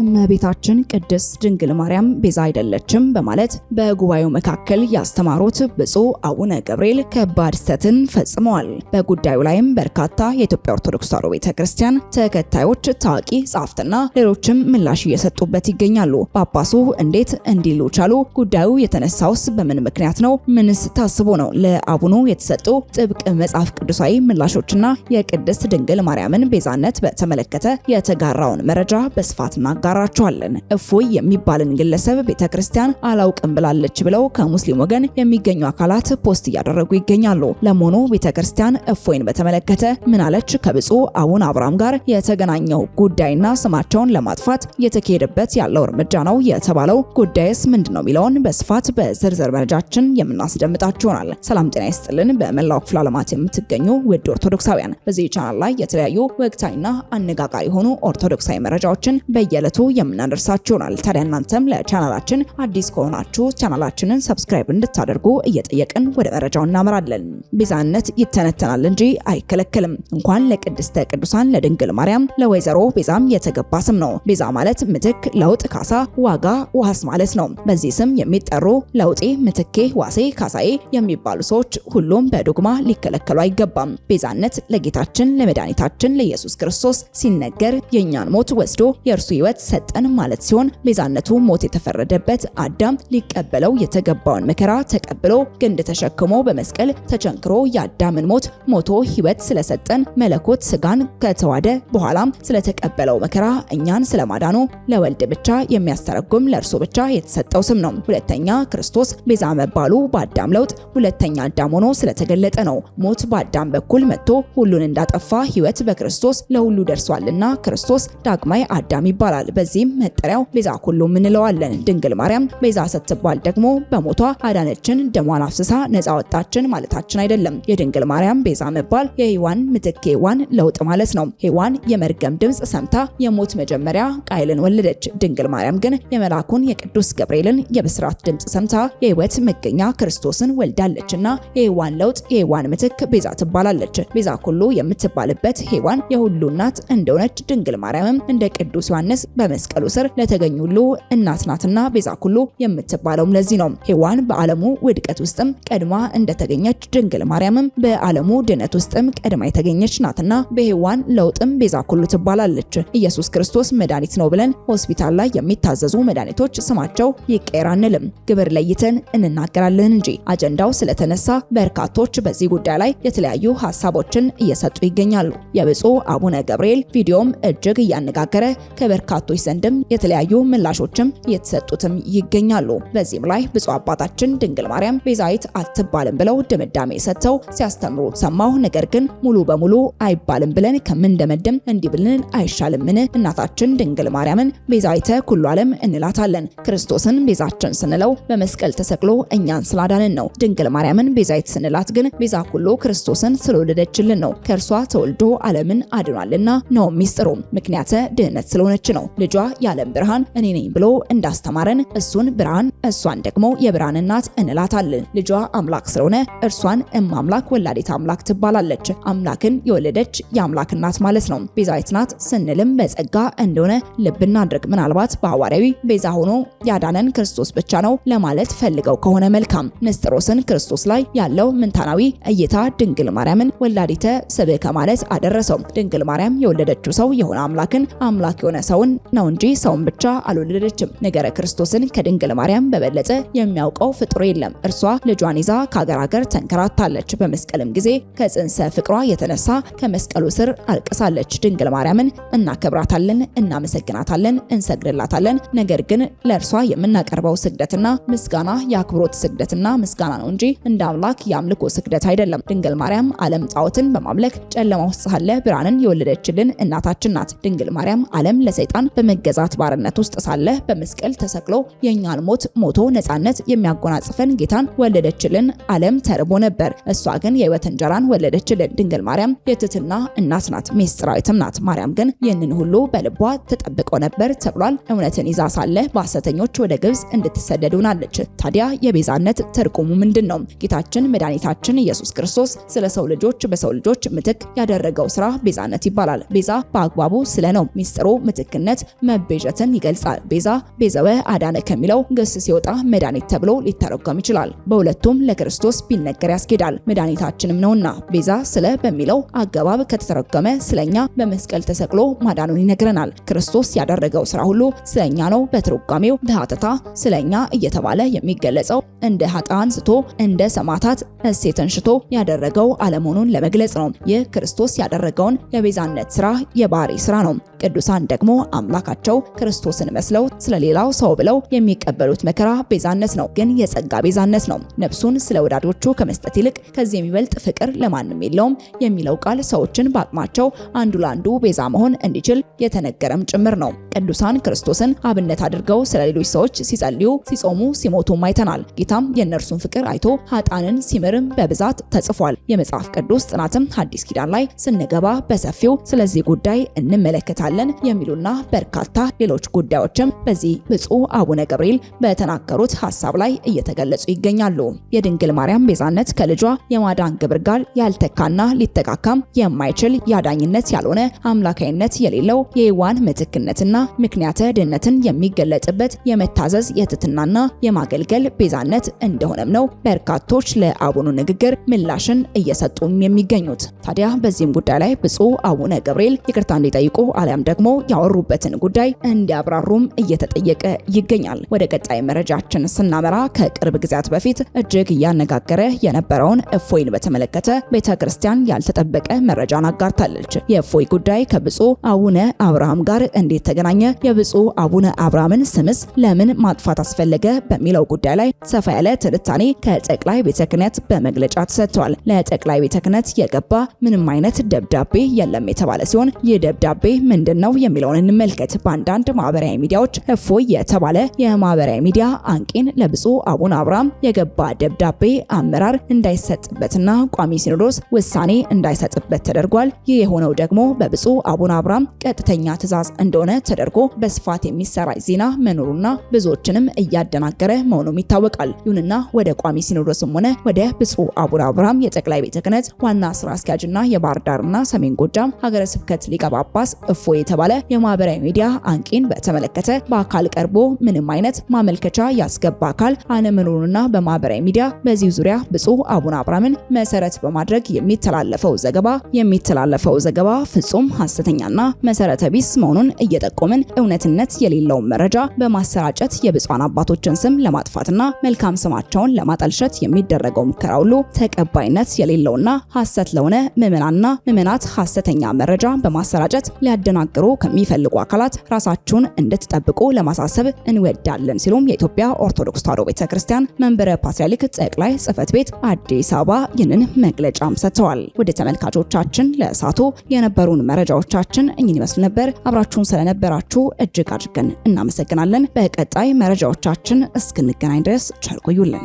እመቤታችን ቅድስት ድንግል ማርያም ቤዛ አይደለችም በማለት በጉባኤው መካከል ያስተማሩት ብፁዕ አቡነ ገብርኤል ከባድ ስህተትን ፈጽመዋል። በጉዳዩ ላይም በርካታ የኢትዮጵያ ኦርቶዶክስ ተዋሕዶ ቤተ ክርስቲያን ተከታዮች፣ ታዋቂ ጸሐፍትና ሌሎችም ምላሽ እየሰጡበት ይገኛሉ። ጳጳሱ እንዴት እንዲሉ ቻሉ? ጉዳዩ የተነሳውስ በምን ምክንያት ነው? ምንስ ታስቦ ነው? ለአቡኑ የተሰጡ ጥብቅ መጽሐፍ ቅዱሳዊ ምላሾችና የቅድስት ድንግል ማርያምን ቤዛነት በተመለከተ የተጋራውን መረጃ በስፋት እናጋራችኋለን። እፎይ የሚባልን ግለሰብ ቤተክርስቲያን አላውቅም ብላለች ብለው ከሙስሊም ወገን የሚገኙ አካላት ፖስት እያደረጉ ይገኛሉ። ለመሆኑ ቤተክርስቲያን እፎይን በተመለከተ ምን አለች? ከብፁዕ አቡነ አብርሃም ጋር የተገናኘው ጉዳይና ስማቸውን ለማጥፋት እየተካሄደበት ያለው እርምጃ ነው የተባለው ጉዳይስ ምንድን ነው የሚለውን በስፋት በዝርዝር መረጃችን የምናስደምጣችሁ ይሆናል። ሰላም ጤና ይስጥልን። በመላው ክፍለ ዓለማት የምትገኙ ውድ ኦርቶዶክሳውያን በዚህ ቻናል ላይ የተለያዩ ወቅታዊና አነጋጋሪ የሆኑ ኦርቶዶክሳዊ መረጃዎችን በየ በየዕለቱ የምናደርሳችሁ ይሆናል። ታዲያ እናንተም ለቻናላችን አዲስ ከሆናችሁ ቻናላችንን ሰብስክራይብ እንድታደርጉ እየጠየቅን ወደ መረጃው እናመራለን። ቤዛነት ይተነተናል እንጂ አይከለከልም። እንኳን ለቅድስተ ቅዱሳን ለድንግል ማርያም ለወይዘሮ ቤዛም የተገባ ስም ነው። ቤዛ ማለት ምትክ፣ ለውጥ፣ ካሳ፣ ዋጋ፣ ዋስ ማለት ነው። በዚህ ስም የሚጠሩ ለውጤ፣ ምትኬ፣ ዋሴ፣ ካሳዬ የሚባሉ ሰዎች ሁሉም በዶግማ ሊከለከሉ አይገባም። ቤዛነት ለጌታችን ለመድኃኒታችን ለኢየሱስ ክርስቶስ ሲነገር የእኛን ሞት ወስዶ የእርሱ ሕይወት ሰጠን ማለት ሲሆን ቤዛነቱ ሞት የተፈረደበት አዳም ሊቀበለው የተገባውን መከራ ተቀብሎ ግንድ ተሸክሞ በመስቀል ተቸንክሮ የአዳምን ሞት ሞቶ ሕይወት ስለሰጠን መለኮት ስጋን ከተዋደ በኋላም ስለተቀበለው መከራ እኛን ስለማዳኑ ለወልድ ብቻ የሚያስተረጉም ለእርሱ ብቻ የተሰጠው ስም ነው። ሁለተኛ ክርስቶስ ቤዛ መባሉ በአዳም ለውጥ ሁለተኛ አዳም ሆኖ ስለተገለጠ ነው። ሞት በአዳም በኩል መጥቶ ሁሉን እንዳጠፋ ሕይወት በክርስቶስ ለሁሉ ደርሷልና ክርስቶስ ዳግማይ አዳም ይባላል። ይባላል። በዚህም መጠሪያው ቤዛ ኩሉም እንለዋለን። ድንግል ማርያም ቤዛ ስትባል ደግሞ በሞቷ አዳነችን፣ ደሟን አፍስሳ ነፃ ወጣችን ማለታችን አይደለም። የድንግል ማርያም ቤዛ መባል የሔዋን ምትክ ሔዋን ለውጥ ማለት ነው። ሔዋን የመርገም ድምፅ ሰምታ የሞት መጀመሪያ ቃይልን ወለደች። ድንግል ማርያም ግን የመልአኩን የቅዱስ ገብርኤልን የብስራት ድምፅ ሰምታ የህይወት መገኛ ክርስቶስን ወልዳለችና የሔዋን ለውጥ የሔዋን ምትክ ቤዛ ትባላለች። ቤዛ ኩሉ የምትባልበት ሔዋን የሁሉ እናት እንደሆነች ድንግል ማርያምም እንደ ቅዱስ ዮሐንስ በመስቀሉ ስር ለተገኙ ሁሉ እናት ናትና ቤዛ ኩሉ የምትባለውም ለዚህ ነው። ሔዋን በዓለሙ ውድቀት ውስጥም ቀድማ እንደተገኘች ድንግል ማርያምም በዓለሙ ድነት ውስጥም ቀድማ የተገኘች ናትና በሔዋን ለውጥም ቤዛ ኩሉ ትባላለች። ኢየሱስ ክርስቶስ መድኃኒት ነው ብለን ሆስፒታል ላይ የሚታዘዙ መድኃኒቶች ስማቸው ይቀየር አንልም፣ ግብር ለይተን እንናገራለን እንጂ። አጀንዳው ስለተነሳ በርካቶች በዚህ ጉዳይ ላይ የተለያዩ ሀሳቦችን እየሰጡ ይገኛሉ። የብፁዕ አቡነ ገብርኤል ቪዲዮም እጅግ እያነጋገረ ከበር በርካቶች ዘንድም የተለያዩ ምላሾችም እየተሰጡትም ይገኛሉ። በዚህም ላይ ብፁዕ አባታችን ድንግል ማርያም ቤዛዊት አትባልም ብለው ድምዳሜ ሰጥተው ሲያስተምሩ ሰማሁ። ነገር ግን ሙሉ በሙሉ አይባልም ብለን ከምንደመድም እንዲህ ብልን አይሻልምን? እናታችን ድንግል ማርያምን ቤዛዊተ ኩሉ ዓለም እንላታለን። ክርስቶስን ቤዛችን ስንለው በመስቀል ተሰቅሎ እኛን ስላዳንን ነው። ድንግል ማርያምን ቤዛዊት ስንላት ግን ቤዛ ኩሉ ክርስቶስን ስለወለደችልን ነው። ከእርሷ ተወልዶ ዓለምን አድኗልና ነው ሚስጥሩ። ምክንያተ ድህነት ስለሆነች ነው። ልጇ የዓለም ብርሃን እኔ ነኝ ብሎ እንዳስተማረን እሱን ብርሃን እሷን ደግሞ የብርሃን እናት እንላታለን። ልጇ አምላክ ስለሆነ እርሷን እማምላክ ወላዲት አምላክ ትባላለች። አምላክን የወለደች የአምላክ እናት ማለት ነው። ቤዛዊት ናት ስንልም በጸጋ እንደሆነ ልብ እናድርግ። ምናልባት በሐዋርያዊ ቤዛ ሆኖ ያዳነን ክርስቶስ ብቻ ነው ለማለት ፈልገው ከሆነ መልካም። ንስጥሮስን ክርስቶስ ላይ ያለው ምንታናዊ እይታ ድንግል ማርያምን ወላዲተ ስብህ ከማለት አደረሰው። ድንግል ማርያም የወለደችው ሰው የሆነ አምላክን አምላክ የሆነ ሰውን ሲሆን ነው እንጂ ሰውን ብቻ አልወለደችም። ነገረ ክርስቶስን ከድንግል ማርያም በበለጠ የሚያውቀው ፍጡር የለም። እርሷ ልጇን ይዛ ከአገር አገር ተንከራታለች። በመስቀልም ጊዜ ከጽንሰ ፍቅሯ የተነሳ ከመስቀሉ ስር አልቅሳለች። ድንግል ማርያምን እናከብራታለን፣ እናመሰግናታለን፣ እንሰግድላታለን። ነገር ግን ለእርሷ የምናቀርበው ስግደትና ምስጋና የአክብሮት ስግደትና ምስጋና ነው እንጂ እንደ አምላክ የአምልኮ ስግደት አይደለም። ድንግል ማርያም ዓለም ጣዖትን በማምለክ ጨለማ ውስጥ ሳለ ብርሃንን የወለደችልን እናታችን ናት። ድንግል ማርያም ዓለም ለሰይጣን በሰይጣን በመገዛት ባርነት ውስጥ ሳለ በመስቀል ተሰቅሎ የእኛን ሞት ሞቶ ነፃነት የሚያጎናጽፈን ጌታን ወለደችልን። ዓለም ተርቦ ነበር፣ እሷ ግን የህይወት እንጀራን ወለደችልን። ድንግል ማርያም የትትና እናት ናት፣ ሚስጥራዊትም ናት። ማርያም ግን ይህንን ሁሉ በልቧ ተጠብቆ ነበር ተብሏል። እውነትን ይዛ ሳለ በሐሰተኞች ወደ ግብፅ እንድትሰደድ ሆናለች። ታዲያ የቤዛነት ትርጉሙ ምንድን ነው? ጌታችን መድኃኒታችን ኢየሱስ ክርስቶስ ስለ ሰው ልጆች በሰው ልጆች ምትክ ያደረገው ስራ ቤዛነት ይባላል። ቤዛ በአግባቡ ስለ ነው፣ ሚስጥሩ ምትክ ። ነት መቤዠትን ይገልጻል። ቤዛ ቤዘወ አዳነ ከሚለው ግስ ሲወጣ መድኃኒት ተብሎ ሊተረጎም ይችላል። በሁለቱም ለክርስቶስ ቢነገር ያስኬዳል፣ መድኃኒታችንም ነውና። ቤዛ ስለ በሚለው አገባብ ከተተረጎመ ስለኛ በመስቀል ተሰቅሎ ማዳኑን ይነግረናል። ክርስቶስ ያደረገው ስራ ሁሉ ስለኛ ነው። በትርጓሜው በሀተታ ስለኛ እየተባለ የሚገለጸው እንደ ሀጣን ስቶ እንደ ሰማዕታት እሴትን ሽቶ ያደረገው አለመሆኑን ለመግለጽ ነው። ይህ ክርስቶስ ያደረገውን የቤዛነት ስራ የባህሪ ስራ ነው። ቅዱሳን ደግሞ አምላካቸው ክርስቶስን መስለው ስለሌላው ሰው ብለው የሚቀበሉት መከራ ቤዛነት ነው፣ ግን የጸጋ ቤዛነት ነው። ነፍሱን ስለ ወዳጆቹ ከመስጠት ይልቅ ከዚህ የሚበልጥ ፍቅር ለማንም የለውም የሚለው ቃል ሰዎችን በአቅማቸው አንዱ ለአንዱ ቤዛ መሆን እንዲችል የተነገረም ጭምር ነው። ቅዱሳን ክርስቶስን አብነት አድርገው ስለ ሌሎች ሰዎች ሲጸልዩ፣ ሲጾሙ፣ ሲሞቱም አይተናል። ጌታም የእነርሱን ፍቅር አይቶ ሀጣንን ሲምርም በብዛት ተጽፏል። የመጽሐፍ ቅዱስ ጥናትም ሐዲስ ኪዳን ላይ ስንገባ በሰፊው ስለዚህ ጉዳይ እንመለከታለን የሚሉና በርካታ ሌሎች ጉዳዮችም በዚህ ብፁዕ አቡነ ገብርኤል በተናገሩት ሀሳብ ላይ እየተገለጹ ይገኛሉ። የድንግል ማርያም ቤዛነት ከልጇ የማዳን ግብር ጋር ያልተካና ሊተካካም የማይችል ያዳኝነት ያልሆነ አምላካይነት የሌለው የይዋን ምትክነትና ምክንያተ ድህነትን የሚገለጽበት የመታዘዝ የትትናና የማገልገል ቤዛነት እንደሆነም ነው በርካቶች ለአቡኑ ንግግር ምላሽን እየሰጡም የሚገኙት። ታዲያ በዚህም ጉዳይ ላይ ብፁዕ አቡነ ገብርኤል ይቅርታ እንዲጠይቁ አሊያም ደግሞ ያወሩበት የደረሱበትን ጉዳይ እንዲያብራሩም እየተጠየቀ ይገኛል። ወደ ቀጣይ መረጃችን ስናመራ ከቅርብ ጊዜያት በፊት እጅግ እያነጋገረ የነበረውን እፎይን በተመለከተ ቤተ ክርስቲያን ያልተጠበቀ መረጃን አጋርታለች። የእፎይ ጉዳይ ከብፁዕ አቡነ አብርሃም ጋር እንዴት ተገናኘ? የብፁዕ አቡነ አብርሃምን ስምስ ለምን ማጥፋት አስፈለገ? በሚለው ጉዳይ ላይ ሰፋ ያለ ትንታኔ ከጠቅላይ ቤተ ክህነት በመግለጫ ተሰጥተዋል። ለጠቅላይ ቤተ ክህነት የገባ ምንም አይነት ደብዳቤ የለም የተባለ ሲሆን ይህ ደብዳቤ ምንድን ነው የሚለውን እንመልከት። በአንዳንድ ማህበራዊ ሚዲያዎች እፎይ የተባለ የማህበራዊ ሚዲያ አንቂን ለብፁዕ አቡነ አብርሃም የገባ ደብዳቤ አመራር እንዳይሰጥበትና ቋሚ ሲኖዶስ ውሳኔ እንዳይሰጥበት ተደርጓል። ይህ የሆነው ደግሞ በብፁዕ አቡነ አብርሃም ቀጥተኛ ትዕዛዝ እንደሆነ ተደርጎ በስፋት የሚሰራጭ ዜና መኖሩና ብዙዎችንም እያደናገረ መሆኑም ይታወቃል። ይሁንና ወደ ቋሚ ሲኖዶስም ሆነ ወደ ብፁዕ አቡነ አብርሃም የጠቅላይ ቤተ ክህነት ዋና ስራ አስኪያጅና የባህር ዳርና ሰሜን ጎጃም ሀገረ ስብከት ሊቀ ጳጳስ እፎይ የተባለ የማህበራዊ ማህበራዊ ሚዲያ አንቂን በተመለከተ በአካል ቀርቦ ምንም አይነት ማመልከቻ ያስገባ አካል አለመኖሩንና በማህበራዊ ሚዲያ በዚህ ዙሪያ ብፁዕ አቡነ አብርሃምን መሰረት በማድረግ የሚተላለፈው ዘገባ የሚተላለፈው ዘገባ ፍጹም ሐሰተኛና መሰረተ ቢስ መሆኑን እየጠቆምን እውነትነት የሌለውን መረጃ በማሰራጨት የብፁዓን አባቶችን ስም ለማጥፋትና መልካም ስማቸውን ለማጠልሸት የሚደረገው ሙከራ ሁሉ ተቀባይነት የሌለውና ሐሰት ለሆነ ምዕመናንና ምዕመናት ሐሰተኛ መረጃ በማሰራጨት ሊያደናግሩ ከሚፈልጉ አካላት ራሳችሁን እንድትጠብቁ ለማሳሰብ እንወዳለን ሲሉም የኢትዮጵያ ኦርቶዶክስ ተዋሕዶ ቤተክርስቲያን መንበረ ፓትርያርክ ጠቅላይ ጽሕፈት ቤት አዲስ አበባ ይህንን መግለጫም ሰጥተዋል። ወደ ተመልካቾቻችን ለእሳቱ የነበሩን መረጃዎቻችን እኝን ይመስሉ ነበር። አብራችሁን ስለነበራችሁ እጅግ አድርገን እናመሰግናለን። በቀጣይ መረጃዎቻችን እስክንገናኝ ድረስ ቸር ቆዩልን።